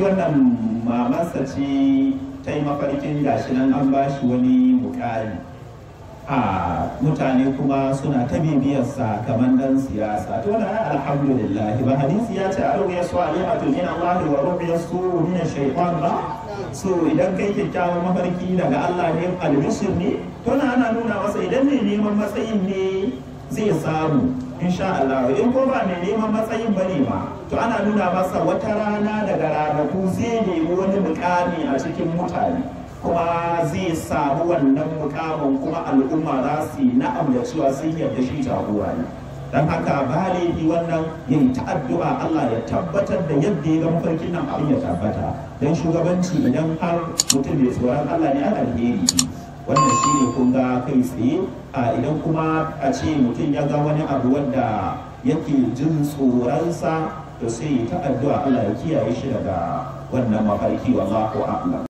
wannan mamansa ce ta yi mafarkin gashi nan an ba shi wani mukami a mutane kuma suna ta bibiyarsa kamar dan siyasa to da alhamdulillah ba hadisi ya ce aro ya so alimatu min Allah wa rubiya su min shaytan ba so idan kai kyakkyawan mafarki daga Allah ne albishir ne to ana nuna masa idan ne neman matsayin ne zai samu insha Allah in ko ba mai neman matsayin bane ma to ana nuna masa wata rana daga ranaku zai nemi wani mukami a cikin mutane kuma zai samu wannan mukamin kuma al'umma za su yi na'am da cewa sun yarda shi jagora ne dan haka ba laifi wannan ya yi ta'addu'a Allah ya tabbatar da yadda ya ga mafarkin nan abin ya tabbata dan shugabanci idan har mutum bai tsoron Allah ne alheri wannan shi ne kun ga kai tsaye a idan kuma a ce mutum ya ga wani abu wanda yake jin tsoronsa to sai ta addu'a Allah ya kiyaye shi daga wannan mafarki wallahu a'lam